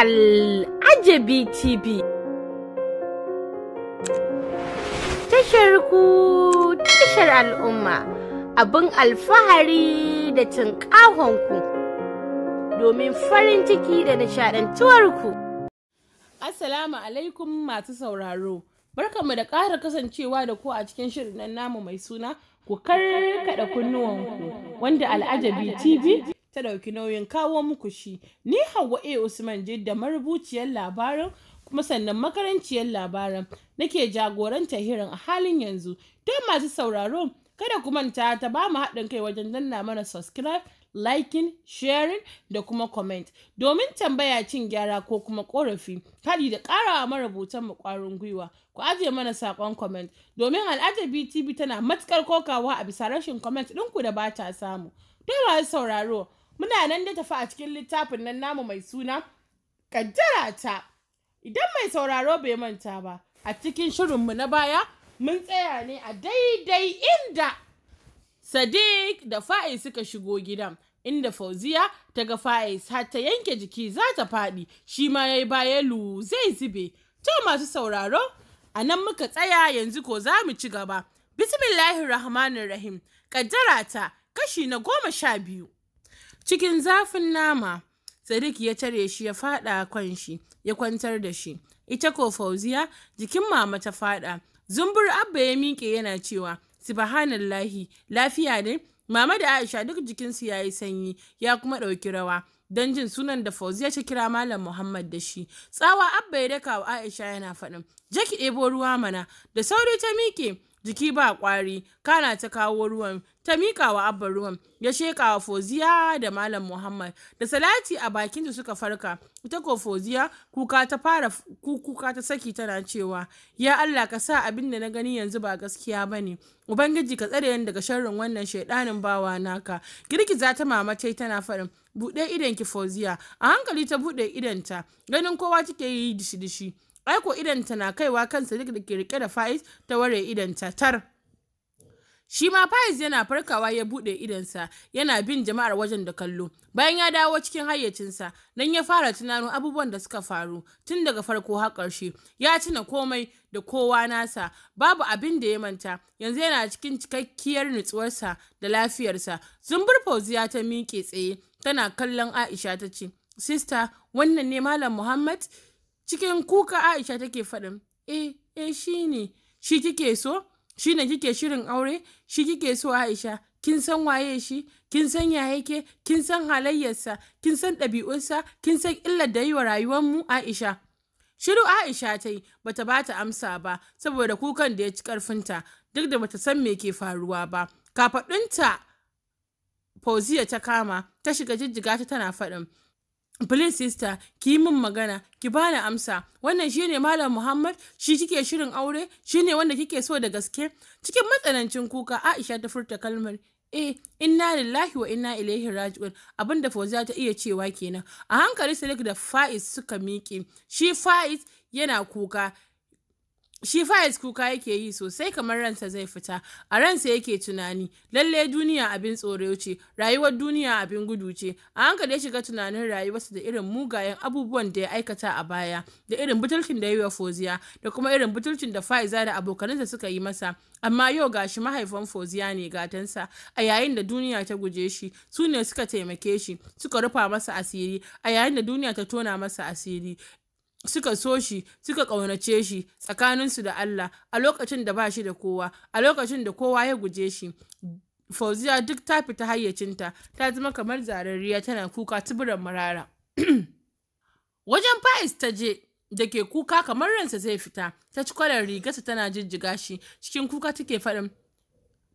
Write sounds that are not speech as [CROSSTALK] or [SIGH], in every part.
Al'ajabi TV. Tashar ku tashar al'umma abin alfahari da ku domin farin ciki da nishadantuwarku. Assalamu alaikum masu sauraro. Barkanmu da ƙara kasancewa da ku a cikin shirin namu mai suna ku karkaɗa kunnuwanku wanda al'ajabi TV ta ɗauki nauyin kawo muku shi ni hawa a usman da marubuciyar labarin kuma sannan makaranciyar labaran nake jagoranta hirin a halin yanzu don masu sauraro kada ku manta ta ba mu haɗin kai wajen danna mana subscribe liking sharing da kuma comment domin tambaya cin gyara ko kuma korafi kadi da karawa marubutan mu kwarin gwiwa ku ajiye mana sakon comment domin al'ajabi tv tana matukar kokawa a bisa rashin comment ɗinku da ba ta samu don masu sauraro muna nan da tafi a cikin littafin nan namu mai suna kaddara ta idan mai sauraro bai manta ba a cikin shirinmu na baya mun tsaya ne a daidai inda sadiq da fa'i suka shigo gidan inda fauziya ta ga fa'is har ta yanke jiki za ta faɗi shi ma ya yi baya lu zai zube to masu sauraro a nan muka tsaya yanzu ko za mu ci gaba bismillahir rahmanir rahim kaddara ta kashi na goma sha biyu Cikin zafin nama, Sadiq ya tare shi ya faɗa kan shi, ya kwantar da shi. Ita ko Fauziya, jikin mama ta faɗa. Zumbur Abba ya miƙe yana cewa, Subhanallahi, lafiya ne? Mama da Aisha duk jikinsu ya yi sanyi, ya kuma ɗauki rawa. don jin sunan da Fauziya ta kira Malam Muhammad da shi. Tsawa Abba ya daka wa Aisha yana faɗin, je ɗebo ruwa mana, da sauri ta miƙe, jiki ba ƙwari kana ta kawo ruwan ta miƙa wa abba ruwan ya sheƙa wa foziya da malam muhammad da salati a bakin da suka farka ita ko foziya kuka ta fara kuka ta saki tana cewa ya allah ka sa abin da na gani yanzu ba gaskiya ba ne ubangiji ka tsare ni daga sharrin wannan shaidanin bawa naka za ta mama ce tana farin buɗe idan ki foziya a hankali ta buɗe idanta ganin kowa take yi dishi dishi aiko idanta na kaiwa kan sadiq da ke rike da faiz ta ware idanta tar shi ma faiz yana farkawa ya buɗe idansa yana bin jama'ar wajen da kallo bayan ya dawo cikin hayyacinsa nan ya fara tunano abubuwan da suka faru tun daga farko har ƙarshe ya tuna komai da kowa nasa babu abin da ya manta yanzu yana cikin cikakkiyar nutsuwarsa da lafiyarsa zumbur fauziya ta miƙe tsaye tana kallon aisha ta ce sista wannan ne malam muhammad cikin kuka aisha take faɗin eh eh shi ne shi kike so shi ne kike shirin aure shi kike so aisha kin san waye shi kin san ya yake kin san halayyarsa kin san ɗabi'unsa kin san illar da yi wa rayuwarmu aisha shiru aisha ta yi bata bata amsa ba saboda kukan da ya ci ƙarfinta, duk da bata san me ke faruwa ba kafaɗinta fauziya ta kama ta shiga jijjiga ta tana faɗin Please sister, ki min magana, ki bani amsa. Wannan shine Malam Muhammad, shi kike shirin aure, shine wanda kike so da gaske. Cikin matsanancin kuka Aisha ta furta kalmar, "Eh, inna lillahi wa inna ilaihi raji'un." Abinda Fauziya ta iya cewa kenan. A hankali Sadiq da Faiz suka miƙe. Shi Faiz yana kuka, shi fayez kuka yake yi sosai kamar ransa zai fita a ransa yake tunani lalle duniya abin tsoro ce rayuwar duniya abin gudu ce a hankali ya shiga tunanin rayuwarsa da irin mugayen abubuwan da ya aikata a baya da irin butulcin da ya yi wa foziya da kuma irin butulcin da faiza da abokanansa suka yi masa amma yau gashi mahaifan foziya ne gatansa a yayin da duniya ta guje shi su ne suka taimake shi suka rufa masa asiri a yayin da duniya ta tona masa asiri suka so shi suka ƙaunace shi tsakaninsu da Allah a lokacin da ba shi da kowa a lokacin da kowa ya guje shi fauziya duk ta fita hayyacinta ta zama kamar zarariya tana kuka tuburan marara [CLEARS THROAT] wajen fa'is ta je da ke kuka kamar ransa zai fita ta ci kwalar rigarsa tana jijjiga shi cikin kuka take faɗin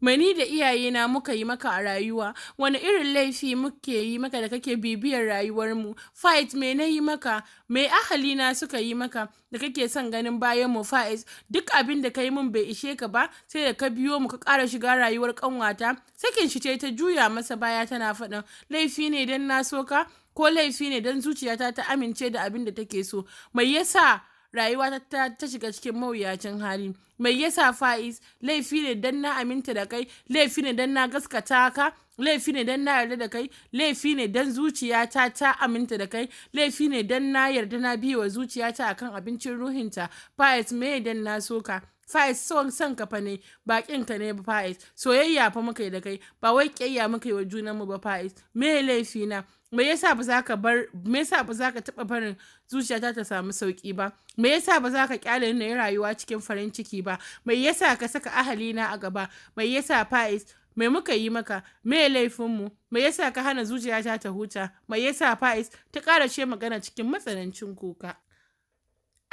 Mani da iyayena muka yi maka a rayuwa, wani irin laifi muke yi maka da kake bibiyar rayuwarmu, fight me na yi maka, me ahalina suka yi maka da kake son ganin bayan mu faiz duk abin da ka yi min bai ishe ka ba sai da ka biyo mu ka kara shiga rayuwar ƙanwata, sakin shi ce ta juya masa baya tana faɗin laifi ne don na ka ko laifi ne don zuciyata ta amince da abin da take so, mai yasa rayuwa ta shiga cikin mawuyacin hali mai yasa fa'is laifi ne dan na aminta da kai laifi ne dan na gaskata ka laifi ne dan na yarda da kai laifi ne dan zuciyata ta aminta da kai laifi ne dan na yarda na biyewa zuciyata akan abincin ruhinta fa'is me dan na soka Faiz son son ka fa ne ba ka ne ba Faiz soyayya fa muka yi da kai ba wai kiyayya muka yi wa junan mu ba Faiz me laifi na me yasa ba za ka bar me yasa ba za ka taba barin zuciyata ta samu sauki ba me yasa ba za ka kyale ni rayuwa cikin farin ciki ba me yasa ka saka ahali na a gaba me yasa Faiz me muka yi maka me mu me yasa ka hana zuciyata ta huta me yasa Faiz ta ƙara ce magana cikin matsanancin kuka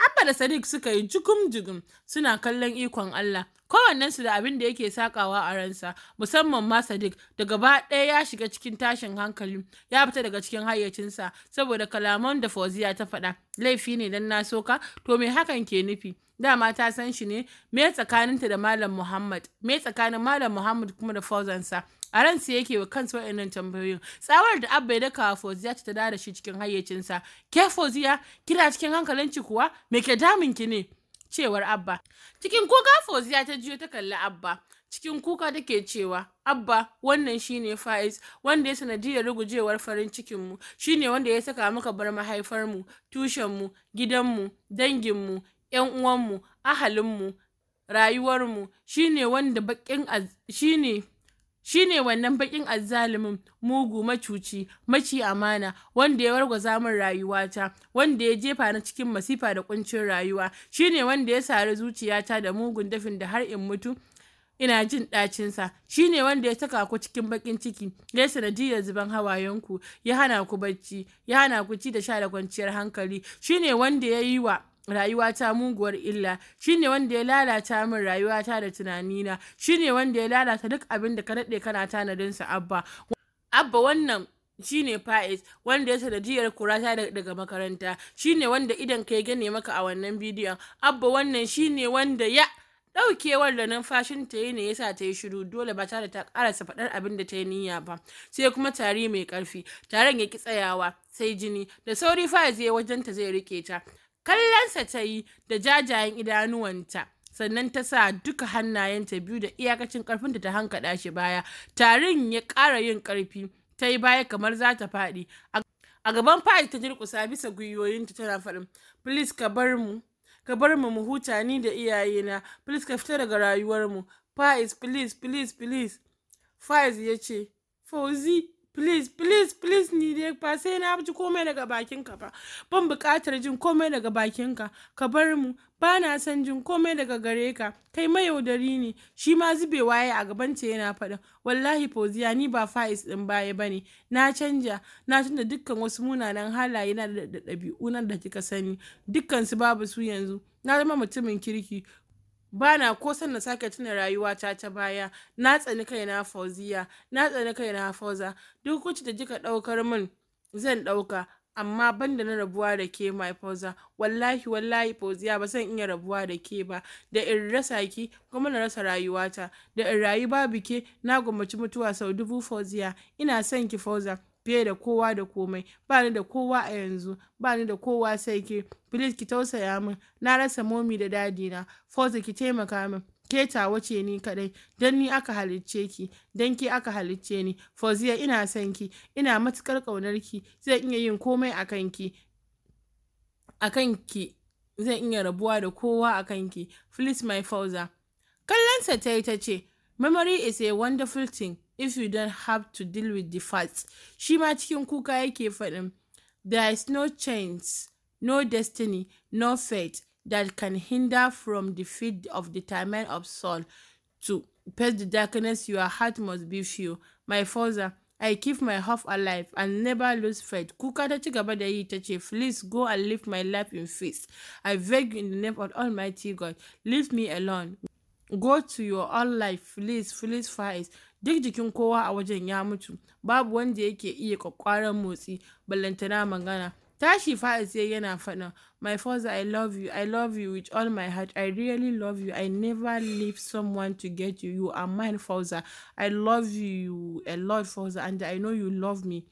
Abba da Sadiq suka yi jugum-jugum suna kallon ikon Allah kowannensu da abin da yake sakawa a ransa musamman ma sadiq da gaba ɗaya ya shiga cikin tashin hankali ya fita daga cikin hayyacinsa saboda kalaman da fauziya ta faɗa laifi ne dan na soka to me hakan ke nufi dama ta san shi ne me tsakaninta da malam muhammad me tsakanin malam muhammad kuma da fauzansa a ransa yake wa kansa wa'annan tambayoyin tsawar da abba ya daka fauziya ta da shi cikin hayyacinsa ke fauziya kira cikin hankalinci kuwa me ke damun ki ne cewar Abba. Cikin kuka Fauziya ta jiyo ta kalli Abba. Cikin kuka take cewa, Abba, wannan shine Faiz, wanda ya sanadiyar rugujewar farin cikinmu, shine wanda ya saka muka bar mahaifarmu, tushenmu, gidanmu, danginmu, ‘yan uwanmu, ahalinmu, rayuwarmu, shine wanda bakin shine shi ne wannan baƙin azzalumin mugu macuci maci amana wanda ya wargwaza min rayuwata wanda ya jefa na cikin masifa da kuncin rayuwa shi ne wanda ya sari zuciyata da mugun dafin da har in mutu ina jin ɗacinsa shi ne wanda ya saka ku cikin baƙin ciki ya sanadiyar zuban hawayenku ya hana ku bacci ya hana ku ci da sha da kwanciyar hankali shi ne wanda ya yi wa rayuwata muguwar illa shine wanda ya lalata min rayuwata da tunanina shine wanda ya lalata duk abin da ka daɗe kana tanadinsa abba abba wannan shine fa'is wanda ya sanadiyar kurata daga makaranta shine wanda idan ka ya gane maka a wannan bidiyon abba wannan shine wanda ya ɗaukewar da numfashin ta yi ne yasa ta yi shiru dole ba tare ta karasa faɗar abin da ta yi niyya ba sai kuma tari mai ƙarfi taron ya ki tsayawa sai jini da sauri fa'is ya wajen ta zai rike ta kallonsa ta yi da jajayen idanuwanta sannan ta sa duka hannayenta biyu da iyakacin karfinta ta hankaɗa shi baya tarin ya ƙara yin karfi ta yi baya kamar za ta faɗi a gaban faɗi ta jirkusa bisa gwiwoyinta tana faɗin please ka bar mu ka bar mu huta ni da iyayena please ka fita daga rayuwarmu faiz please please please faiz ya ce fauzi please please please ni dai ba sai na ji komai daga bakinka ba ban buƙatar jin komai daga bakinka ka bar mu ba na son jin komai daga gare ka kai mayaudari ne shi ma zube waye a gabanta yana faɗin wallahi fauziya ni ba fa'is ɗin baya bane na canja na canza dukkan wasu munanan halaye na da ɗabi'u da kika sani dukkan su babu su yanzu na zama mutumin kirki ba na ko san na sake tuna rayuwata ta baya na tsani kaina fauziya na tsani kaina fauza duk kuci da kika ɗaukar min zan ɗauka amma banda na rabuwa da ke mai fauza wallahi wallahi fauziya ba zan iya rabuwa da ke ba da in rasa ki kuma na rasa rayuwata da in rayu babu ke na gwammaci mutuwa sau dubu fauziya ina son ki fauza fiye da kowa da komai ba ni da kowa a yanzu ba ni da kowa sai ke please ki tausaya min na rasa momi da dadi na forza ki taimaka min ke tawa ce ni kadai don ni aka halicce ki don ke aka halicce ni forza ina son ki ina matukar kaunar ki zai iya yin komai a ki a ki zai iya rabuwa da kowa a ki please my fauza kallonsa ta yi ta ce memory is a wonderful thing if you don't have to deal with the facts shi ma cikin kuka yake faɗin there is no chance no destiny no fate that can hinder from the feet of the time of soul to past the darkness your heart must be few my father I keep my hope alive and never lose faith. Kuka ta ci gaba da yi ta ce, Please go and live my life in peace. I beg you in the name of Almighty God, leave me alone. Go to your own life, please, please, fast. duk jikin kowa a wajen ya mutu babu wanda yake iya kwakwaran motsi ballantana magana tashi fa'iz sai yana faɗin my father i love you i love you with all my heart i really love you i never leave someone to get you you are mine father i love you a lot father and i know you love me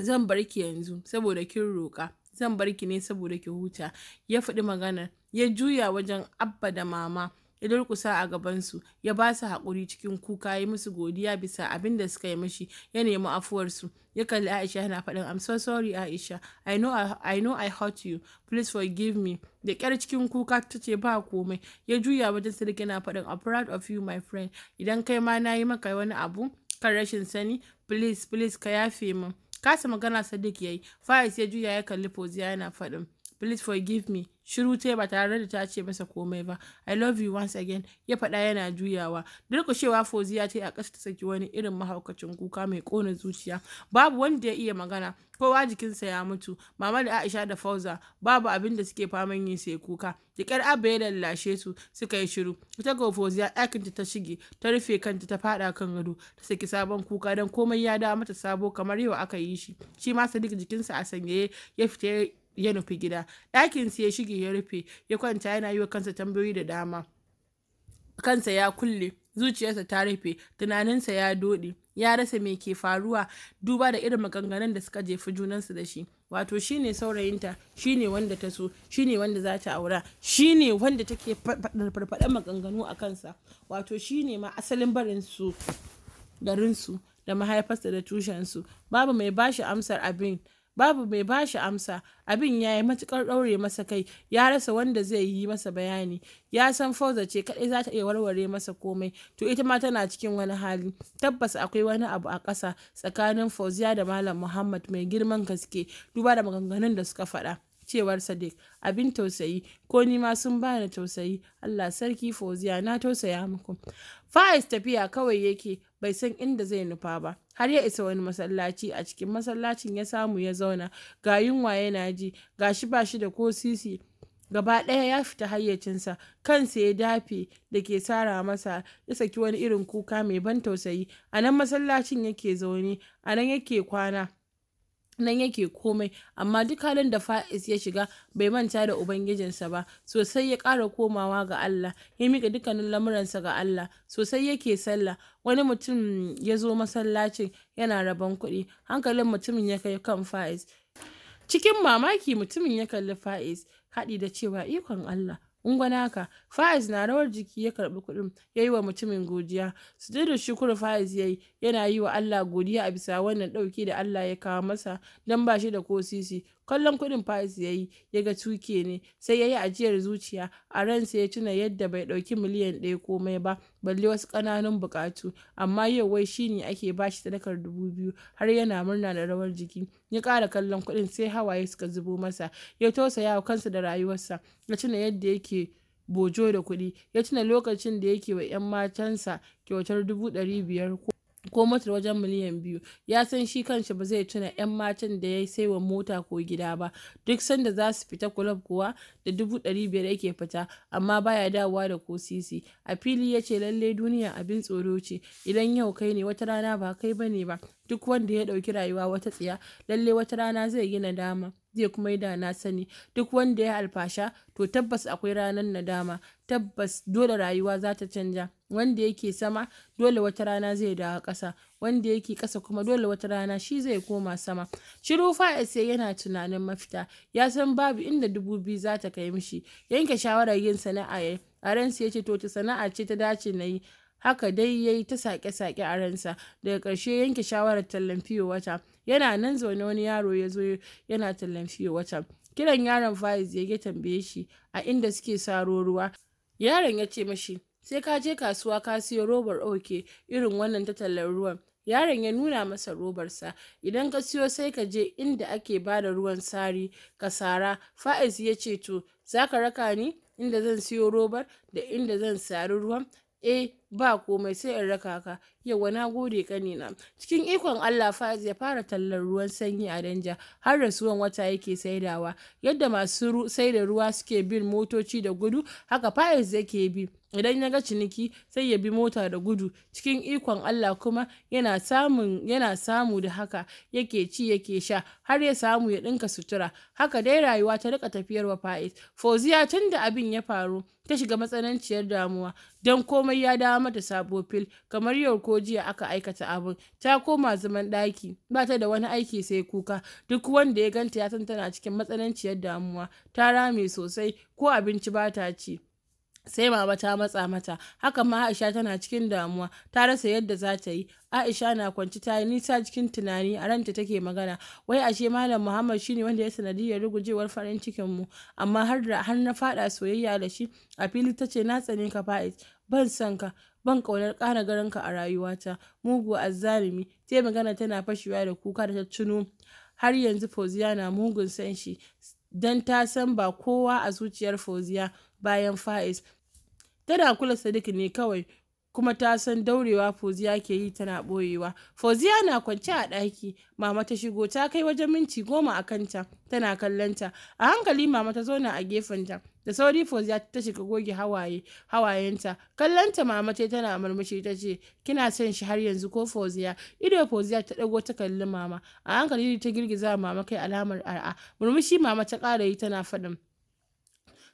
zan bar ki yanzu saboda kin roƙa zan bar ki ne saboda ki huta ya faɗi magana ya juya wajen abba da mama ya durkusa a gabansu ya ba su haƙuri cikin kuka ya musu godiya bisa abin da suka yi mashi ya nemi afuwarsu ya kalli aisha yana faɗin i'm so sorry aisha i know i, I know I hurt you please forgive me da ƙyar cikin kuka ta ce ba komai ya juya wajen sadiq yana faɗin i'm proud of you my friend idan kai ma na yi maka wani abu kan rashin sani please please ka yafe min kasa magana sadiq yayi faiz ya juya ya kalli fauziya yana faɗin please forgive me shiru ta ba tare da ta ce masa komai ba i love you once again ya faɗa yana juyawa durƙushewa foziya ta yi a ƙasa ta saki wani irin mahaukacin kuka mai ƙona zuciya babu wanda ya iya magana kowa jikinsa ya mutu mama da aisha da fauza babu abin da suke faman yi sai kuka da abba ya lallashe su suka yi shiru ita ga foziya ɗakinta ta shige ta rufe kanta ta faɗa kan gado ta saki sabon kuka don komai ya dawo mata sabo kamar yau aka yi shi shi ma sadiq jikinsa a sanyaye ya fita ya nufi gida ɗakinsu ya shige ya rufe ya kwanta yana yi wa kansa tambayoyi da dama kansa ya kulle zuciyarsa ta rufe tunaninsa ya dode ya rasa mai ke faruwa duba da irin maganganun da suka jefi junansu da shi wato shine saurayinta shine wanda ta so shine wanda za ta aura shine wanda take farfaɗa maganganu a kansa wato shine ma asalin barinsu garinsu da mahaifarsa da tushensu babu mai bashi amsar abin babu mai bashi amsa abin ya yi matukar ɗaure masa kai ya rasa wanda zai yi masa bayani ya san fauza ce kadai za ta iya warware masa komai to ita ma tana cikin wani hali tabbas akwai wani abu a ƙasa tsakanin fauziya da malam muhammad mai girman gaske duba da maganganun da suka faɗa cewar Sadiq, abin tausayi, ko ni ma sun bani tausayi, Allah sarki Fauziya na tausaya muku. Faiz tafiya kawai yake bai san inda zai nufa ba, har ya isa wani masallaci a cikin masallacin ya samu ya zauna, ga yunwa yana ji, ga shi ba shi da ko sisi. gaba ɗaya ya fita hayyacinsa kansa ya dafe da ke tsara masa ya saki wani irin kuka mai ban tausayi a nan masallacin yake zaune a nan yake kwana nan yake komai amma duk halin da fa'is ya shiga bai manta da ubangijinsa ba sosai ya ƙara komawa ga Allah ya miƙa dukkanin lamuransa ga Allah sosai yake sallah wani mutum ya zo masallacin yana rabon kuɗi hankalin mutumin ya kai kan fa'is cikin mamaki mutumin ya kalli fa'is haɗi da cewa ikon Allah Ungwanaka, Faiz na rawar jiki ya karɓi kuɗin, ya yi wa mutumin godiya. da shukuru Faiz ya yi, yana yi wa Allah godiya a bisa wannan ɗauki da Allah ya kawo masa don ba shi da ko sisi, kallon kuɗin Paris ya yi ya ga tuke ne sai ya yi ajiyar zuciya a ransa ya tuna yadda bai ɗauki miliyan ɗaya komai ba balle wasu ƙananun buƙatu amma yau wai shi ne ake ba shi sadakar dubu biyu har yana murna da rawar jiki ya ƙara kallon kuɗin sai hawaye suka zubo masa ya tausaya wa kansa da rayuwarsa ya tuna yadda yake bojo da kuɗi ya tuna lokacin da yake wa 'yan matansa kyautar dubu ɗari biyar ko motar wajen miliyan biyu ya san shi kanshi ba zai tuna 'yan matan da ya sai wa mota ko gida ba duk sanda za su fita kulab kuwa da dubu ɗari biyar yake fita amma baya dawowa da ko sisi a fili ya ce lallai duniya abin tsoro ce idan yau kai ne wata rana ba kai ba ne ba duk wanda ya ɗauki rayuwa wata tsiya lalle wata rana zai yi nadama zai kuma yi da na sani duk wanda ya alfasha to tabbas akwai ranar nadama tabbas dole rayuwa za ta canja wanda yake sama dole wata rana zai dawo ƙasa wanda yake ƙasa kuma dole wata rana shi zai koma sama shiru sai yana tunanin mafita ya san babu inda dubu biyu za ta kai mishi yanke shawarar yin sana'a a ransa ya ce to ta sana'a ce ta dace na yi haka dai ya ta sake-sake a ransa daga ƙarshe yanke shawarar tallan fiyo wata yana nan zaune wani yaro ya zo yana tallan wata kiran yaron faiz ya tambaye shi a inda suke saro ruwa yaron ya ce mashi sai ka je kasuwa ka siyo robar oke irin wannan ta tallar ruwan yaron ya nuna masa robarsa idan ka siyo sai ka je inda ake ba da ruwan sari ka sara fa'iz ya ce to za ka raka ni inda zan siyo robar da inda zan sari ruwan eh ba komai sai in raka ka yawa na gode kanina cikin ikon Allah Faiz ya fara tallar ruwan sanyi a danja har rasuwan wata yake saidawa yadda masu saida ruwa suke bin motoci da gudu haka Faiz yake bi idan ya ga ciniki sai ya bi mota da gudu cikin ikon Allah kuma yana samun samu da haka yake ci yake sha har ya samu ya dinka sutura haka dai rayuwa ta rika tafiyar wa fa'is fauziya tun da abin ya faru ta shiga matsananciyar damuwa don komai ya dawo mata sabo fil kamar yau ko jiya aka aikata abin ta koma zaman daki, ba ta da wani aiki sai kuka duk wanda ya ganta ya san tana cikin matsananciyar damuwa ta rame sosai ko abinci ba ta ci sai baba ta matsa mata haka ma aisha tana cikin damuwa ta rasa yadda za ta yi aisha na kwanci ta yi nisa cikin tunani a ranta take magana wai ashe malam muhammad shine wanda ya sanadiyar rugujewar farin cikin mu amma har da har na fada soyayya da shi a fili ce na tsane ka fa'id ban san ka ban kaunar ƙara garinka a rayuwata mugu azzalimi sai magana tana fashewa da kuka da ta tuno har yanzu fauziya na mugun san shi dan ta san ba kowa a zuciyar fauziya bayan fa'is Tana kula Sadiq ne kawai kuma ta san daurewa Foziya ke yi tana ɓoyewa. Foziya na kwance a ɗaki, mama ta shigo ta kai wajen minti goma a kanta tana kallonta. A hankali mama ta zauna a gefenta. Da sauri Foziya ta shiga goge hawaye, hawayenta. Kallonta mama ta tana murmushi ta ce, "Kina son shi har yanzu ko Foziya?" Ido Foziya ta ɗago ta kalli mama. A hankali ta girgiza mama kai alamar a'a. Murmushi mama ta ƙara yi tana faɗin,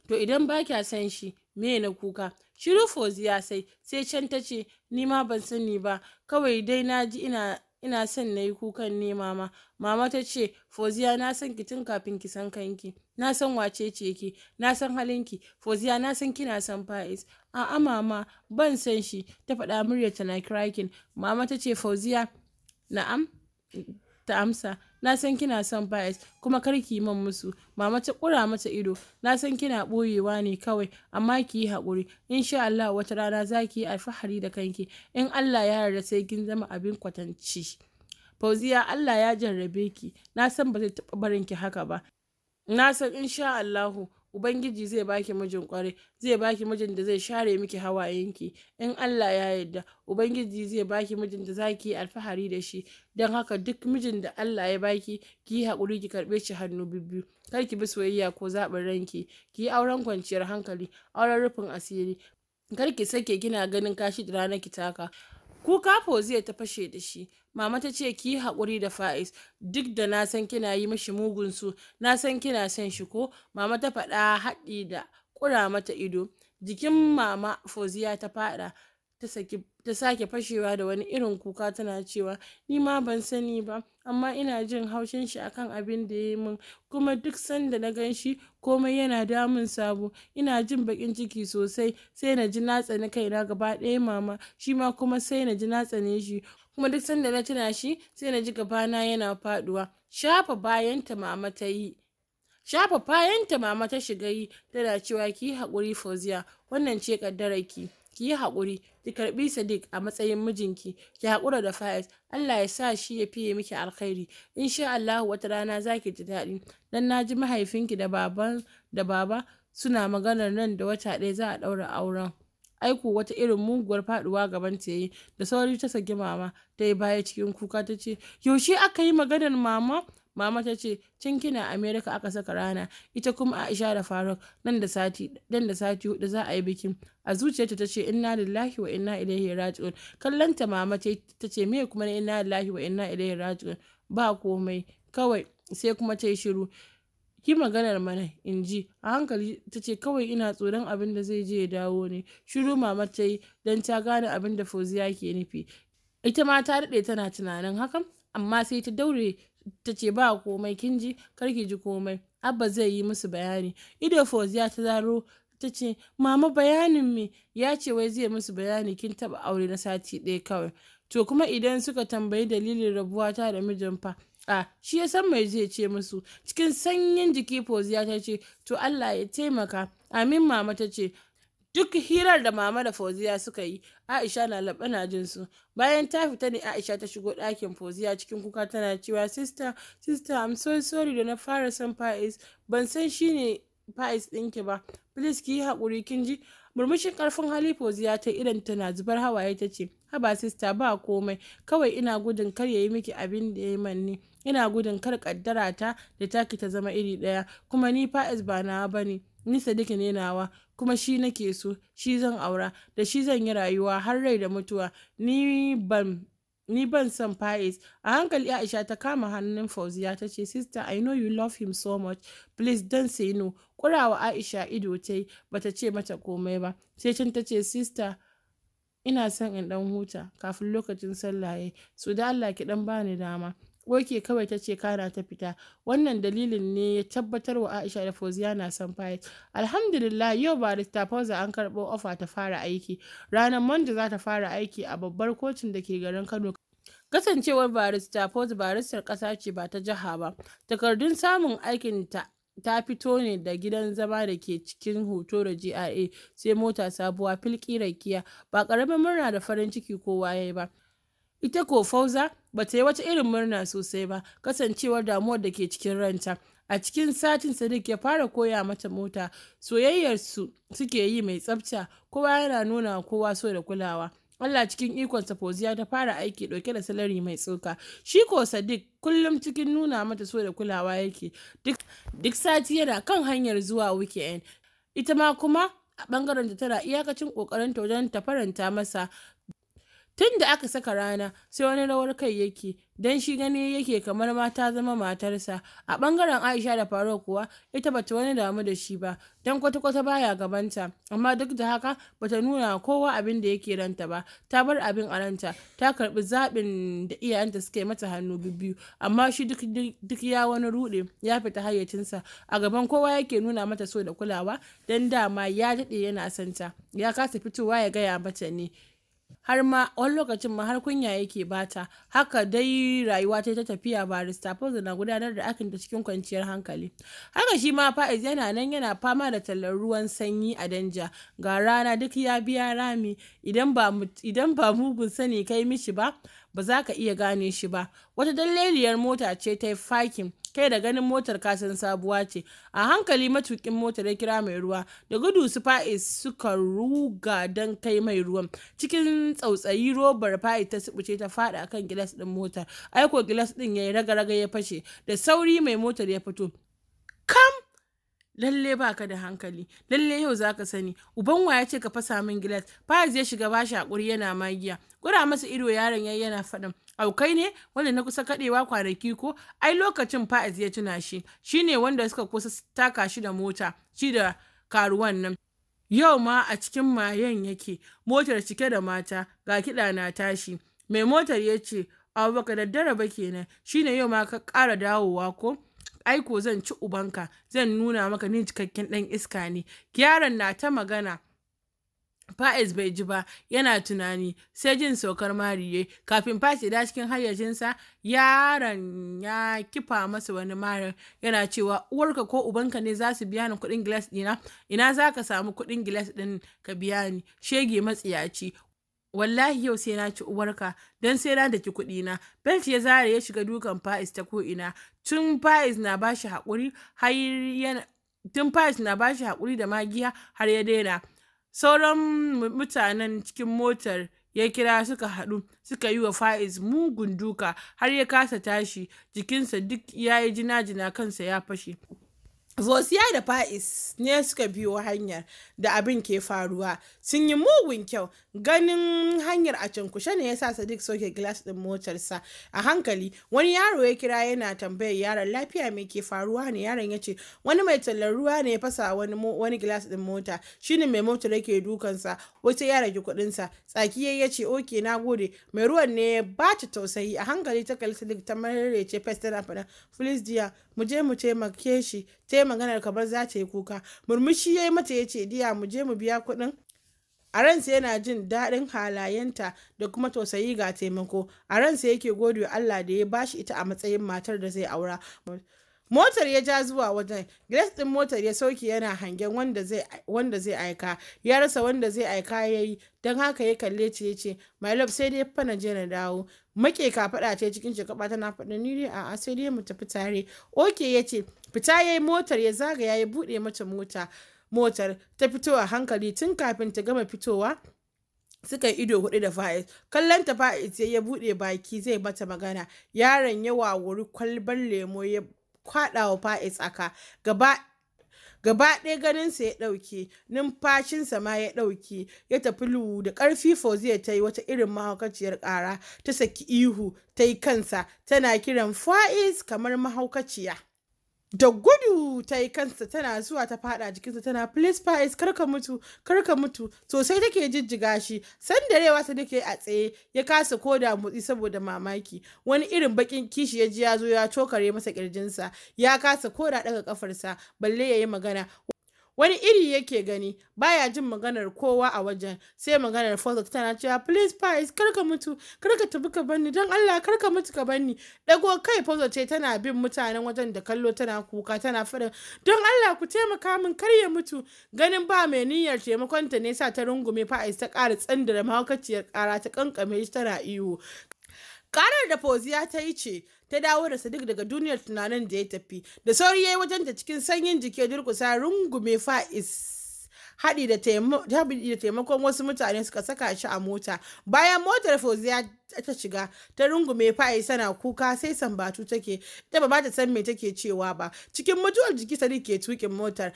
to idan ba kya san shi me na kuka shiru foziya sai sai can ta ce ni ma ban sani ba kawai dai na ji ina ina son na yi kukan ne mama mama ta ce foziya na san ki tun kafin ki san kanki na san wace ce ki na san halinki foziya na san kina san fa'is a'a mama ban san shi ta faɗa murya tana cracking mama ta ce fauziya na'am ta amsa na san kina son bias kuma kar ki man musu mama ta kura mata ido na san kina ɓoyewa ne kawai amma ki yi haƙuri insha Allah wata rana za ki yi alfahari da kanki in Allah ya yarda sai kin zama abin kwatanci Fauziya Allah ya jarrabe ki na san ba zai taɓa barin ki haka ba na san insha Allahu Ubangiji zai baki mijin kwarai, zai baki mijin da zai share miki hawayenki, in Allah ya yarda, Ubangiji zai baki mijin da zaki alfahari da shi, don haka duk mijin da Allah ya baki, ki yi haƙuri ki karɓe shi hannu bibbiyu, kar ki bi soyayya ko zaɓin ranki, ki auren kwanciyar hankali, auren rufin asiri, kar ki sake kina ganin kashi da rana ki taka. kuka zai ta fashe da shi mama ta ce ki haƙuri da fa'is duk da na san kina yi mashi mugun su na san kina san shi ko mama ta faɗa haɗi da ƙura mata ido jikin mama foziya ta faɗa ta saki ta sake fashewa da wani irin kuka tana cewa ni ma ban sani ba amma ina jin haushin shi akan abin da ya yi min kuma duk sanda na gan shi komai yana damun sabo ina jin bakin ciki sosai sai na ji na tsani kaina gaba ɗaya mama shi ma kuma sai na ji na tsane shi kuma duk sanda na tuna shi sai na ji gabana yana faduwa shafa bayanta mama ta yi shafa bayanta mama ta shiga yi tana cewa ki haƙuri fauziya wannan ce ki ki yi haƙuri ki karɓi Sadiq a matsayin mijinki ki haƙura da Faiz Allah ya sa shi ya fiye miki alkhairi insha Allahu, wata rana za ki ji daɗi dan na ji mahaifinki da baban da baba suna maganar nan da wata ɗaya za a ɗaura auren aiko wata irin muguwar faɗuwa gaban ta yi da sauri ta sagi mama ta yi baya cikin kuka ta ce yaushe aka yi maganar mama Mama ta ce, cin kina Amerika aka saka rana, ita kuma Aisha da Faruk nan da sati dan da sati hudu za a yi bikin. A zuciyarta ta ce inna lillahi wa inna ilaihi raji'un. Kallanta mama ta ce me kuma na inna lillahi wa inna ilaihi raji'un. Ba komai kawai sai kuma ta yi shiru. Ki maganar mana in ji a hankali ta ce kawai ina tsoron abin da zai je ya dawo ne shiru mama ta yi don ta gane abin da fauziya ke nufi ita ma ta daɗe tana tunanin hakan amma sai ta daure ta ce ba komai kin ji ki ji komai abba zai yi musu bayani ido fauziya ta zaro ta ce mama bayanin me ya ce wai zai musu bayani kin taba aure na sati ɗaya kawai to kuma idan suka tambayi dalilin rabuwa ta da mijin fa a shi ya san mai zai ce musu cikin sanyin jiki foziya ta ce to allah ya taimaka amin mama ta ce Duk hirar da mama da Fauziya suka yi, Aisha na na jin su. Bayan ta fita ne Aisha ta shigo ɗakin Fauziya cikin kuka tana cewa sister, sister I'm so sorry da na fara san Faiz, ban san shi ne Faiz ɗinki ba. Please ki yi haƙuri kin ji. Murmushin ƙarfin hali Fauziya ta idan tana zubar hawaye ta ce, haba sista ba komai kawai ina gudun kar ya yi miki abin da ya yi manni ina gudun kar kaddara ta da taki ta zama iri ɗaya kuma ni fa'is ba na ba ne ni sadiq ne nawa kuma shi nake so shi zan aura da shi zan yi rayuwa har rai da mutuwa ni ban ni ban son Faiz. A hankali Aisha ta kama hannun Fauziya ta ce, Sister, I know you love him so much. Please don't say no. Kurawa Aisha ido ta yi, bata ce mata komai ba. Sai can ta ce, Sister, ina son in dan huta kafin lokacin sallah su da Allah ki dan bani dama. goke kawai ta ce kana ta fita wannan dalilin ne ya tabbatar wa aisha da fauziya na son fayet alhamdulillah yau barista fauza an karɓo ofa ta fara aiki ranar monday za ta fara aiki a babbar kotun da ke garin kano kasancewar barista fauza baristar ƙasa ce ba ta jiha ba takardun samun aikin ta ta fito ne da gidan zama da ke cikin hoto da GIA, sai mota sabuwa filƙi rakiya ba ƙaramin murna da farin ciki kowa ya yi ba ita ko fauza ba ta yi wata irin murna sosai ba kasancewar damuwar da ke cikin ranta a cikin satin sadiq ya fara koya mata mota soyayyarsu suke yi mai tsafta kowa yana nuna kowa so da kulawa Allah cikin ikon Fauziya ta fara aiki ɗauke da salari mai tsoka. Shi ko Sadiq kullum cikin nuna mata so da kulawa yake. Duk sati yana kan hanyar zuwa weekend. Ita ma kuma a bangaren da tana iyakacin ta wajen ta faranta masa Tun da aka saka rana, sai wani rawar kai yake, don shi gani yake kamar mata zama matarsa. A ɓangaren Aisha da Faruk kuwa, ita bata wani damu da shi ba, don kwata-kwata baya gabanta. Amma duk da haka, bata nuna kowa abin da yake ranta ba, ta bar abin a ranta, ta karbi zaɓin da iyayenta suka yi mata hannu biyu. Amma shi duk, ya wani rude, ya fita hayyacinsa. A gaban kowa yake nuna mata so da kulawa, don dama ya daɗe yana santa, ya kasa fitowa ya gaya mata ne. har ma wani lokacin ma har kunya yake bata haka dai rayuwa ta tafiya barista Fauzi na gudanar da akin ta cikin kwanciyar hankali haka shi ma Fa'iz yana nan yana fama da tallar ruwan sanyi a danja ga rana duk ya biya rami idan ba idan mugun sani kai mishi ba ba za ka iya gane shi ba wata dalleliyar mota ce ta fakin kai da ganin motar kasan sabuwa ce a hankali matukin motar ya kira mai ruwa da gudu su fa'is suka ruga don kai mai ruwan cikin tsautsayi robar fayil ta subuce ta fada akan gilas din motar aiko gilas din yayi raga-raga ya fashe da sauri mai motar ya fito kam lalle baka da hankali lalle yau zaka sani uban ya ce ka fasa min gilas fayil ya shiga bashi hakuri yana magiya kura masa ido yaron yayi yana faɗan. aukai ne wanda na kusa kadewa kwanaki ko ai lokacin fayil ya tuna shi shine wanda suka kusa taka shi da mota shi da karuwan nan Yau ma a cikin mayen yake, motar cike da mata, ga kiɗa na tashi. Mai motar ya ce, abu baka daddare ba kenan, shi ne yau ma ka ƙara dawowa ko? Aiko zan ci ubanka, zan nuna maka ni cikakken ɗan iska ne. Gyaran na ta magana, Faiz bai ji ba yana tunani sai jin saukar mariye kafin Faiz ya cikin hayyacinsa yaron ya kifa masa wani marin yana cewa uwarka ko ubanka ne za su biya ni kuɗin gilas ɗina ina za ka samu kuɗin gilas ɗin ka biya ni shege matsiyaci wallahi yau sai na ci uwarka don sai na daki kuɗina belt ya zare ya shiga dukan Faiz ta ko'ina tun Faiz na bashi haƙuri har yana tun Faiz na bashi haƙuri da magiya har ya daina sauran mutanen cikin motar ya kira suka haɗu suka yi wa fa'iz mugun duka har ya kasa tashi jikinsa duk ya yi jina-jina kansa ya fashe Zosiya da Fa'is ne suka biyo hanyar da abin ke faruwa sun yi mugun kyau ganin hanyar a cunkushe ne ya sa Sadiq soke glass din motarsa a hankali wani yaro ya kira yana tambayar yaron lafiya me ke faruwa ne yaron ya ce wani mai tallar ruwa ne ya fasa wani wani glass din mota shine mai motar yake dukansa wata ya rage kudinsa sa tsaki ya ce oke na gode mai ruwan ne ya bata tausayi a hankali ta kalli Sadiq ta marrece fes tana faɗa please dear mu je mu taimake shi maganar kamar za ta yi kuka murmushi ya yi mata ya ce diya mu je mu biya kuɗin a ransa yana jin daɗin halayenta da kuma tausayi ga taimako a ransa yake gode Allah da ya bashi ita a matsayin matar da zai aura motar ya ja zuwa wajen grace din motar ya sauke yana hangen wanda zai aika ya rasa wanda zai aika ya yi don haka ya kalle ce ya ce my love sai dai fa je na dawo make ka faɗa ce cikin shekaba tana faɗa ni ne a'a sai dai mu tafi tare oke ya ce fita ya yi motar ya zaga ya buɗe mata mota motar ta fito a hankali tun kafin ta gama fitowa suka ido hudu da fa'iz kallon ta sai ya buɗe baki zai mata magana yaron ya wawuri kwalbar lemo ya kwaɗawa fa'is tsaka gaba gaba ɗaya ganinsa ya ɗauke numfashinsa ma ya ɗauke ya tafi luwu da ƙarfi fozia ta yi wata irin mahaukaciyar ƙara ta saki ihu ta yi kansa tana kiran fa'is kamar mahaukaciya da gudu ta yi kansa tana zuwa ta fada jikinsa tana please please karka mutu karka mutu sosai take jijjiga shi sandarewa ta take a tsaye ya kasa koda motsi saboda mamaki wani irin bakin kishi ya ji ya zo ya cokare masa kirjinsa ya kasa koda daga kafarsa balle ya yi magana wani iri yake gani baya jin maganar kowa a wajen sai maganar Fozok tana cewa please Pies kar ka mutu karka ka tafi ka banni don Allah kar mutu ka banni dago kai fosa ce tana bin mutanen wajen da kallo tana kuka tana faɗin don Allah ku taimaka min karya mutu ganin ba mai niyyar taimakon ta ne sa ta rungume Pies ta ƙara tsandara mahaukaciyar ƙara ta kankame tana iwo. Karar da Fauziya ta yi ce, ta dawo da sadiq daga duniyar tunanin da ya tafi da sauri ya yi wajen ta cikin sanyin jiki durkusa rungume fa'is haɗi da taimakon wasu mutane suka saka shi a mota bayan motar fauziya ta shiga ta rungume fa'i sana kuka sai sambatu take ita ba ta san me take cewa ba cikin mutuwar jiki sadiq ke tukin motar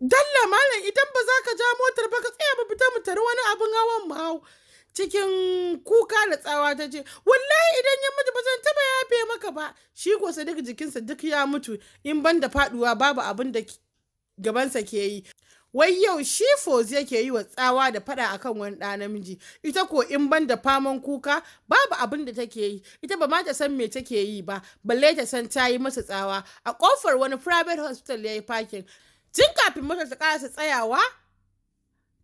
dalla malam idan ba za ka ja motar ba ka tsaya ba fita mu tari wani abin hawan mu hau cikin kuka da tsawa ta ce wallahi idan ya mutu ba zan taba yafe maka ba shi ko sadiq jikinsa duk ya mutu in ban da faduwa babu abin da gabansa ke yi wai yau shi zai yake yi wa tsawa da fada akan wani ɗa namiji ita ko in ban da faman kuka babu abin da take yi ita ba ma ta san me take yi ba balle ta san ta yi masa tsawa a kofar wani private hospital ya yi parking tun kafin mutu ta karasa tsayawa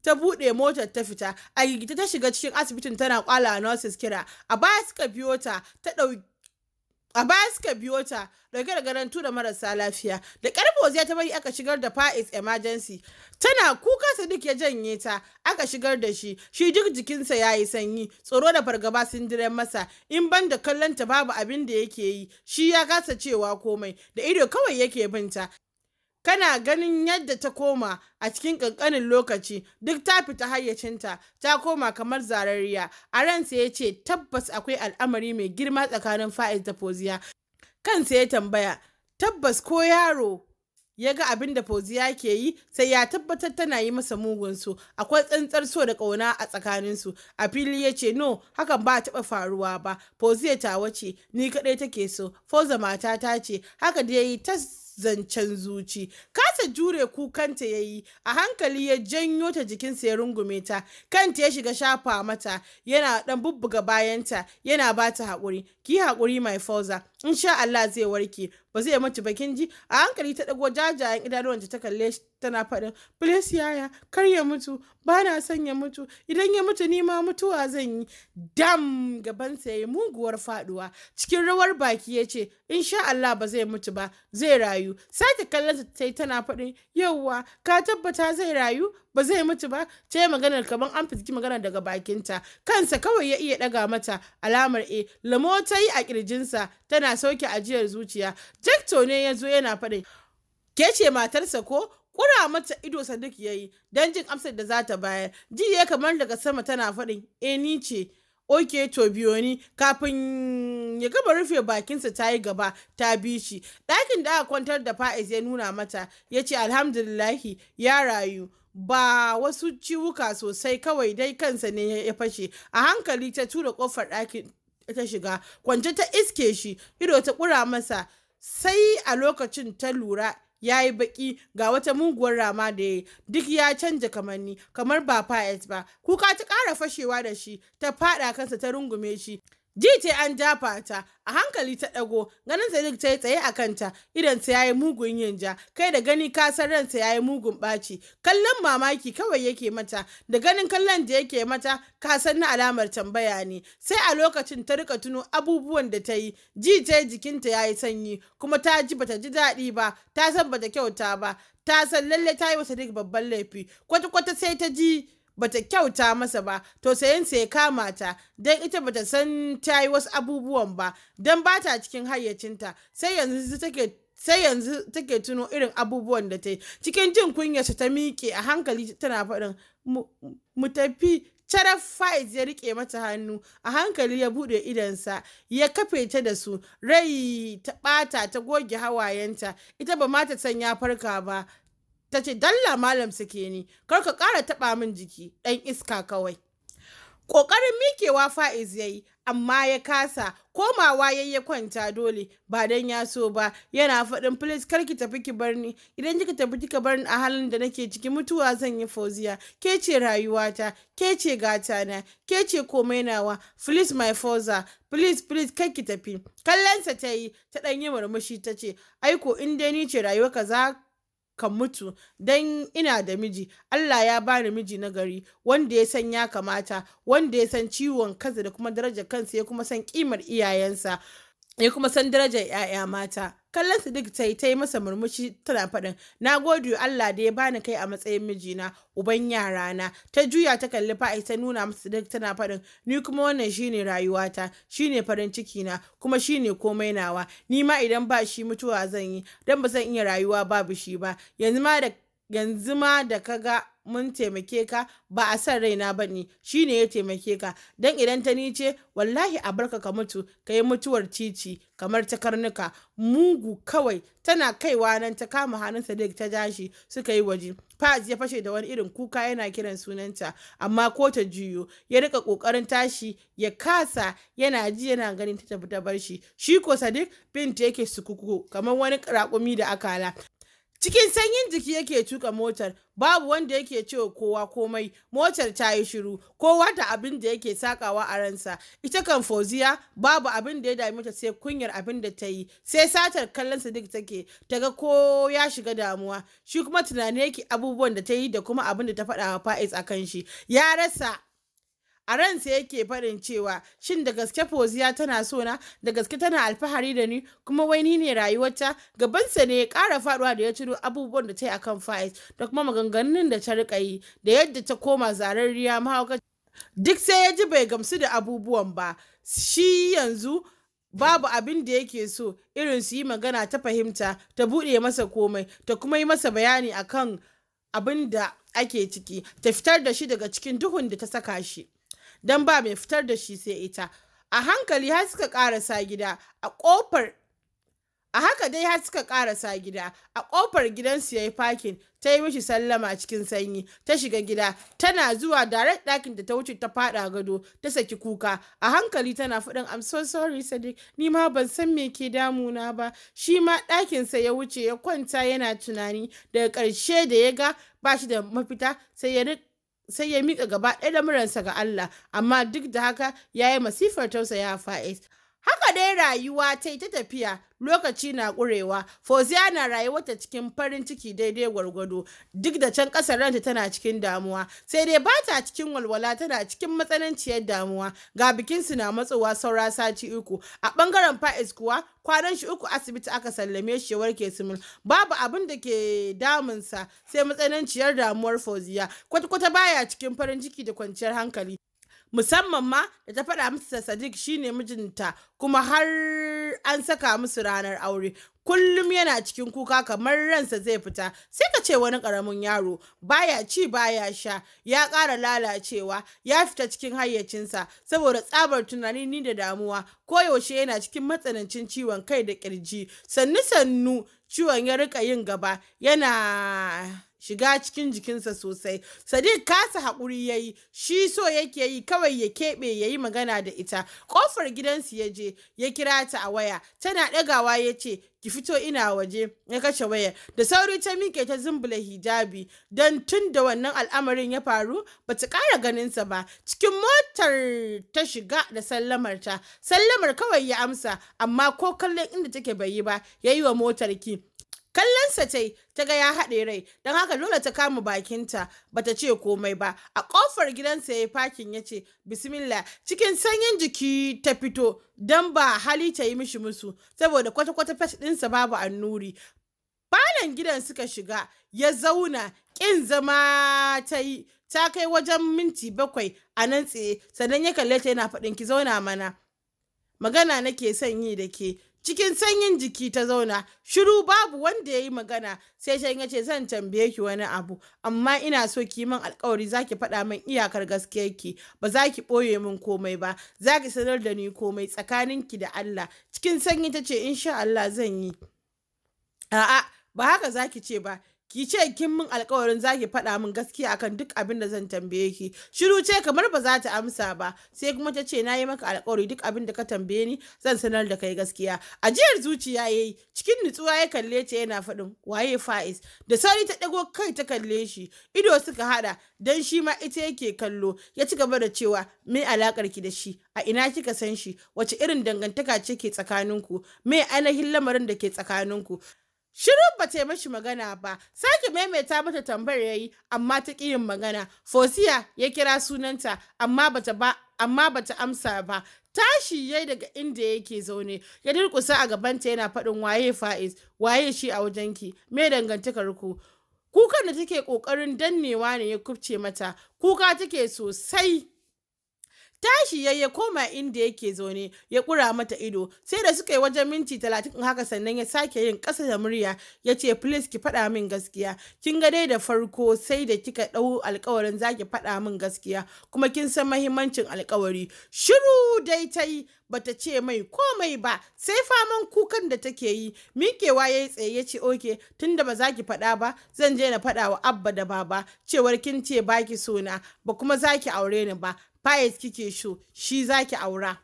ta buɗe motar ta fita a gigita ta shiga cikin asibitin tana kwala nurses kira a baya suka biyo ta a baya suka biyo ta dauke da garantu da marasa lafiya da karfe ta bari aka shigar da fa'is emergency tana kuka sadiq ya janye ta aka shigar da shi shi duk jikinsa ya yi sanyi tsoro da fargaba sun diren masa in ban da kallonta babu abin da yake yi shi ya kasa cewa komai da ido kawai yake binta kana ganin yadda ta koma a cikin ƙanƙanin lokaci duk ta fita hayyacinta ta koma kamar zarariya a ransa ya ce tabbas akwai al'amari mai girma tsakanin fa'iz da foziya kansa ya tambaya tabbas ko yaro ya ga abin da Foziya ke yi sai ya tabbatar tana yi masa mugunsu akwai tsantsar so da ƙauna a tsakaninsu a fili ya ce no hakan ba taɓa faruwa ba Foziya ta wace, ni kaɗai take so Foza mata ta ce haka da ya yi tas zancen zuci kasa jure kukanta ya yi a hankali ya janyo ta jikinsa ya rungume ta kanta ya shiga shafa mata yana dan bubbuga bayanta yana ba ta haƙuri ki haƙuri mai fauza insha Allah zai warke ba zai mutu ba kin ji a hankali ta dago jajayen idanuwan ta kalle shi tana faɗin please yaya kar ya mutu ba na son ya mutu idan ya mutu ni ma mutuwa zan yi dam gaban sa yayi muguwar faduwa cikin rawar baki yace ce insha Allah ba zai mutu ba zai rayu sake kallon ta tana faɗin yauwa ka tabbata zai rayu ba zai mutu ba ta yi maganar kamar an fizgi maganar daga bakinta kansa kawai ya iya daga mata alamar A. Eh. lamo ta yi a kirjinsa tana sauke ajiyar zuciya jakto ne ya zo yana faɗin ke ce matarsa ko kura mata ido saduk ya yi don jin amsar da za ta bayar ji ya kamar daga sama tana faɗin e ni ce oke to biyo ni kafin ya gaba rufe bakinsa ta yi gaba ta bi shi ɗakin da aka kwantar da fa'iz ya nuna mata ya ce alhamdulillahi ya rayu ba wasu ciwuka sosai kawai dai kansa ne ya fashe a hankali ta tura kofar ɗakin ta shiga kwance ta iske shi ido ta ƙura masa sai a lokacin ta lura ya yi baƙi ga wata muguwar rama da ya duk ya canja kamanni kamar ba fayat ba kuka ta ƙara fashewa da shi ta faɗa kansa ta rungume shi ji ce an dafa ta a hankali ta ɗago ganin sadiq ta yi tsaye a kanta idan ta yayi mugun yin ja kai da gani ka san ransa yayi mugun ɓaci kallon mamaki kawai yake mata da ganin kallon da yake mata ka na alamar tambaya ne sai a lokacin ta rika tuno abubuwan da ta yi ji ta jikinta yayi sanyi kuma ta ji bata ji daɗi ba ta san bata kyauta ba ta san lalle ta yi wa sadiq babban laifi kwata-kwata sai ta ji bata kyauta masa ba to sayan ya kama ta dan ita bata san ta yi wasu abubuwan ba dan bata cikin hayyacinta sai yanzu take sai yanzu take tuno irin abubuwan da ta yi cikin jin kunyarsa ta miƙe a hankali tana faɗin mu tafi Charaf Faiz ya rike mata hannu a hankali ya bude idansa ya kafe ta da su rai ta bata ta goge hawayenta ita ba ma ta san ya farka ba ta ce dalla malam suke ni kar ka ƙara taɓa min jiki ɗan iska kawai ƙoƙarin mikewa fa'iz ya yi amma ya kasa komawa ya ya kwanta dole ba dan ya so ba yana faɗin please kar ki tafi ki bar ni idan kika tafi kika bar ni a halin da nake ciki mutuwa zan yi fauziya ke ce rayuwata ke ce gata na ke ce komai nawa please my fauza please please kar ki tafi kallonsa ta yi ta ɗan yi murmushi ta ce aiko in dai ni ce rayuwa ka za kan mutu don ina da miji Allah ya bani miji na gari wanda ya san ya kamata wanda ya san ciwon kansa da kuma darajar kansa ya kuma san kimar iyayensa ya kuma san darajar 'ya'ya mata kallon su ta yi ta yi masa murmushi tana faɗin na gode Allah da ya bani kai a matsayin mijina uban yarana ta juya ta kalli fa'i ta nuna masa duk tana faɗin ni kuma wannan shine rayuwata shine farin ciki na kuma shine komai nawa ni ma idan ba shi mutuwa zan yi dan ba zan iya rayuwa babu shi ba yanzu ma da yanzu ma da ka ga mun taimake ka ba a san raina ba ne shi ne ya taimake ka don idan ta nice wallahi a barka ka mutu ka yi mutuwar cici kamar ta karnuka mugu kawai tana kaiwa nan ta kama hannun da ta jashi suka yi waje faz ya fashe da wani irin kuka yana kiran sunanta amma ko ta juyo ya rika kokarin tashi ya kasa yana ji yana ganin ta tafi ta bar shi shi ko sadiq binta yake sukuku kamar wani rakumi da akala Cikin sanyin jiki yake tuka motar, babu wanda yake cewa kowa komai, motar ta yi shiru, kowa da abin da yake sakawa a ransa. Ita kan foziya babu abin da ya dami ta sai kunyar abin da ta yi, sai satar kallon Sadiq take, ta ga ko ya shiga damuwa. Shi kuma tunani yake abubuwan da ta yi da kuma abin da ta faɗa wa Faiz a kan shi. Ya rasa a ransa yake farin cewa shin da gaske foziya tana sona da gaske tana alfahari da ni kuma wai ni ne rayuwarta gabansa ne ya ƙara faɗuwa da ya ciro abubuwan da ta yi akan fa'is da kuma maganganun da ta riƙa yi da yadda ta koma zararriya mahaukaci duk sai ya ji bai gamsu da abubuwan ba shi yanzu babu abin da yake so irin su yi magana ta fahimta ta buɗe masa komai ta kuma yi masa bayani akan abin da ake ciki ta fitar da shi daga cikin duhun da ta saka shi don ba mai fitar da shi sai ita a hankali har suka karasa gida a kofar a haka dai har suka karasa gida a ƙofar gidansu ya yi fakin ta yi mishi sallama cikin sanyi ta shiga gida tana zuwa direct ɗakin da ta wuce ta faɗa gado ta saki kuka a hankali tana faɗin i'm so sorry sadiq ni ma ban san me ke damuna ba shi ma ɗakinsa ya wuce ya kwanta yana tunani daga ƙarshe da ya ga ba shi da mafita sai ya sai ya miƙa gaba ɗaya lamuransa ga Allah, amma duk da haka ya yi masifar tausaya fais Haka dai rayuwa ta ta tafiya lokaci na ƙurewa, Fauziya na rayuwarta cikin farin ciki daidai gwargwado, duk da can ƙasar ranta tana cikin damuwa, sai dai ba ta cikin walwala tana cikin matsananciyar damuwa, ga bikinsu na matsowa saura sati uku. A ɓangaren fais kuwa, kwanan shi uku asibiti aka sallame shi ya warke simil babu abin da ke damunsa sai matsananciyar damuwar Fauziya, kwata-kwata baya cikin farin ciki da kwanciyar hankali. musamman ma da ta faɗa musu da sadiq shine mijinta kuma har an saka musu ranar aure kullum yana cikin kuka kamar ransa zai fita sai ka ce wani ƙaramin yaro baya ci baya sha ya ƙara lalacewa ya fita cikin hayyacinsa saboda tsabar tunani ni da damuwa koyaushe yana cikin matsanancin ciwon kai da ƙirji sannu sannu ciwon ya rika yin gaba yana shiga cikin jikinsa sosai sadiq kasa haƙuri yayi. yi shi so yake yi kawai ya keɓe yayi magana da ita ƙofar gidansu ya je ya kira ta a waya tana ɗagawa ya ce ki fito ina waje ya kashe waya da sauri ta miƙe ta zumbula hijabi don tun da wannan al'amarin ya faru ba ta ƙara ganinsa ba cikin motar ta shiga da sallamar ta sallamar kawai ya amsa amma ko kallon inda take bai yi ba ya yi wa motar ki kallonsa ta yi ta ga ya haɗe rai don haka dole ta kama bakinta bata ce komai ba a ƙofar gidansa ya yi fakin ya ce bismillah cikin sanyin jiki ta fito don ba hali ta yi mishi musu saboda kwata-kwata fes babu annuri falon gidan suka shiga ya zauna ƙin zama ta yi ta kai wajen minti bakwai a nan tsaye sannan ya kalle ta yana faɗin ki zauna mana magana nake son yi da ke cikin sanyin jiki ta zauna shiru babu wanda ya yi magana sai shan ya ce zan tambaye ki wani abu amma ina so ki min alkawari za ki faɗa min iyakar gaskiyarki ba za ki ɓoye min komai ba za ki sanar da ni komai tsakanin ki da Allah cikin sanyi ta ce insha Allah zan yi a'a ba haka za ki ce ba ki ce kin min alkawarin zaki faɗa min gaskiya akan duk abin da zan tambaye ki shiru ce kamar ba za ta amsa ba sai kuma ta ce na yi maka alkawari duk abin da ka tambaye ni zan sanar da kai gaskiya ajiyar zuciya yayi cikin nutsuwa ya kalle ta yana faɗin waye Faiz da sauri ta ɗago kai ta kalle shi ido suka haɗa dan shi ma ita yake kallo ya ci gaba da cewa me alakar ki da shi a ina kika san shi wace irin dangantaka ce ke tsakaninku me ainihin lamarin da ke tsakaninku Shirin ba ta mashi magana ba, sake maimaita mata tambayar ya yi, amma ta yin magana. Fosiya ya kira sunanta, amma bata ba amma amsa ba. Tashi yayi daga inda yake zaune, ya durƙusa a gabanta yana faɗin waye Fa'iz, waye shi a wajenki, me dangantakar ku. Kukan da take ƙoƙarin dannewa ne ya kubce mata, kuka take sosai tashi ya ya koma inda yake zaune ya kura mata ido sai da suka yi wajen minti talatin haka sannan ya sake yin ƙasa da murya ya ce please ki faɗa min gaskiya kin ga dai da farko sai da kika ɗau alkawarin zaki faɗa min gaskiya kuma kin san mahimmancin alkawari shiru dai ta yi bata ce mai komai ba sai faman kukan da take yi miƙewa ya yi tsaye ya ce oke tunda ba za ki faɗa ba zan je na faɗa wa abba da baba cewar kin ce baki sona ba kuma za ki aure ni ba Fayez kike so shi zaki aura.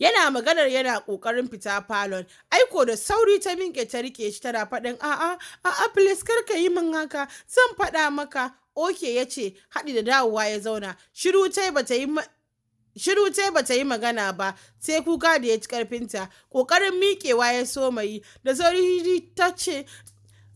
Yana maganar yana ƙoƙarin fita falon, aiko da sauri ta minke ta rike shi tana faɗin a'a, a'a please kar ka yi min haka, zan faɗa maka. Oke ya ce, haɗi da dawowa ya zauna, shiru ta bata yi Shiru bata yi magana ba, sai kuka da ya ci ƙarfinta, ƙoƙarin miƙewa ya so mai, da sauri ta ce,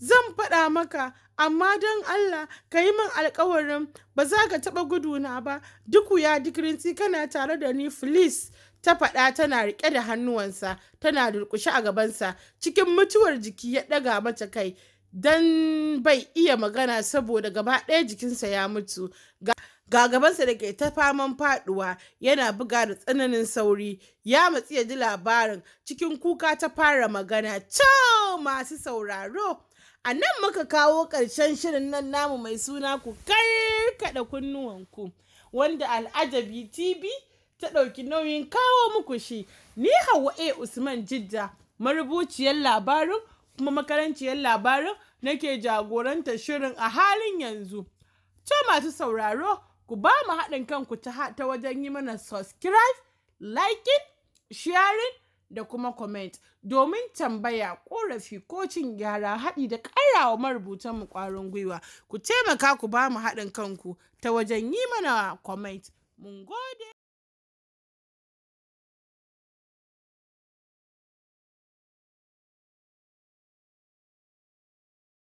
zan faɗa maka amma don Allah ka yi min alkawarin ba za ka taɓa guduna ba duk wuya duk rinci, kana tare da ni filis ta faɗa tana riƙe da hannuwansa tana durƙushe a gabansa cikin mutuwar jiki ya ɗaga mata kai don bai iya magana saboda gaba ɗaya jikinsa ya mutu ga gabansa da ke ta faman faɗuwa yana buga da tsananin sauri ya matsi ya ji labarin cikin kuka ta fara magana to masu sauraro a nan muka kawo ƙarshen shirin nan namu mai suna ku karkaɗa kunnuwanku wanda al'ajabi tv ta ɗauki nauyin kawo muku shi ni hawa a usman jidda marubuciyar labarin kuma makaranciyar labarin nake jagoranta shirin a halin yanzu to masu sauraro ku ba mu haɗin kanku ta wajen yi mana subscribe liking sharing da kuma comment domin tambaya korafi ko cin gyara haɗi da ƙarawa marubutan mu ƙwarin gwiwa ku taimaka ku bamu haɗin kanku ta wajen yi mana comment mun gode